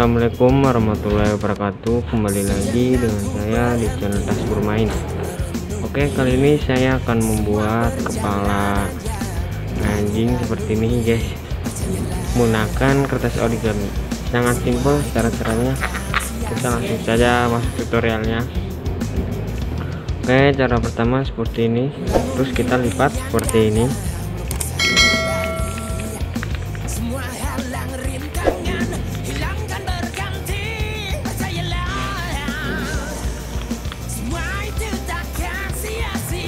Assalamualaikum warahmatullahi wabarakatuh Kembali lagi dengan saya di channel Tas Bermain Oke kali ini saya akan membuat kepala anjing seperti ini guys Menggunakan kertas origami Sangat simpel cara caranya Kita langsung saja masuk tutorialnya Oke cara pertama seperti ini Terus kita lipat seperti ini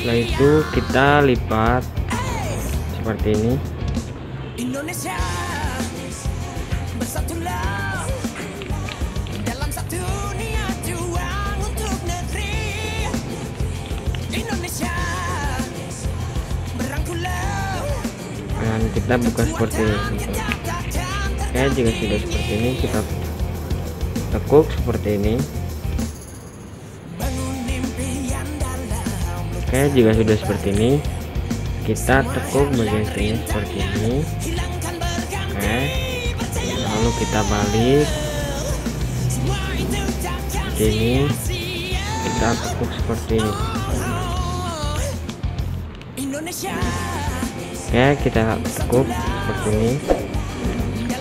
setelah itu kita lipat seperti ini dan kita buka seperti ini Oke jika sudah seperti ini kita tekuk seperti ini Oke, jika sudah seperti ini, kita tekuk bagian sini seperti ini. Oke. Lalu kita balik. Seperti ini. Kita tekuk seperti ini. Oke, kita tekuk seperti ini.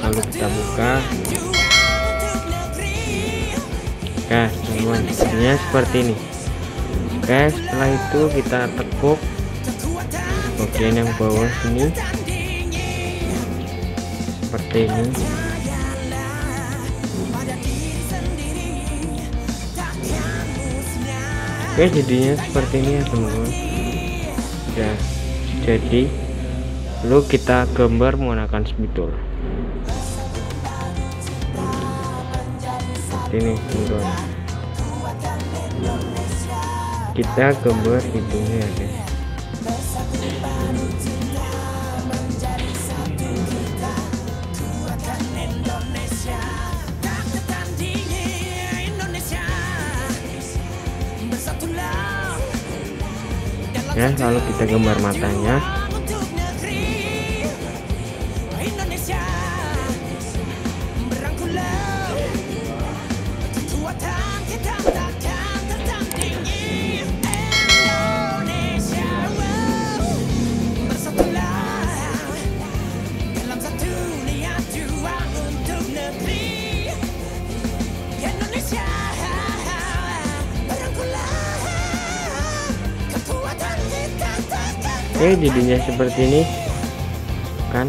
Lalu kita buka. Oke, semuanya seperti ini oke setelah itu kita tekuk bagian yang bawah sini seperti ini oke jadinya seperti ini ya teman-teman Ya, jadi lalu kita gambar menggunakan spidol seperti ini teman-teman kita gambar hidungnya ya guys ya lalu kita gambar matanya Oke jadinya seperti ini kan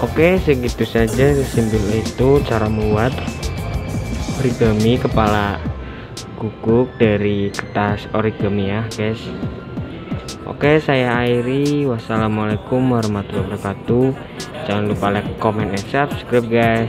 Oke segitu saja sesimpel itu cara membuat origami kepala guguk dari kertas origami ya guys Oke saya airi wassalamualaikum warahmatullahi wabarakatuh Jangan lupa like comment and subscribe guys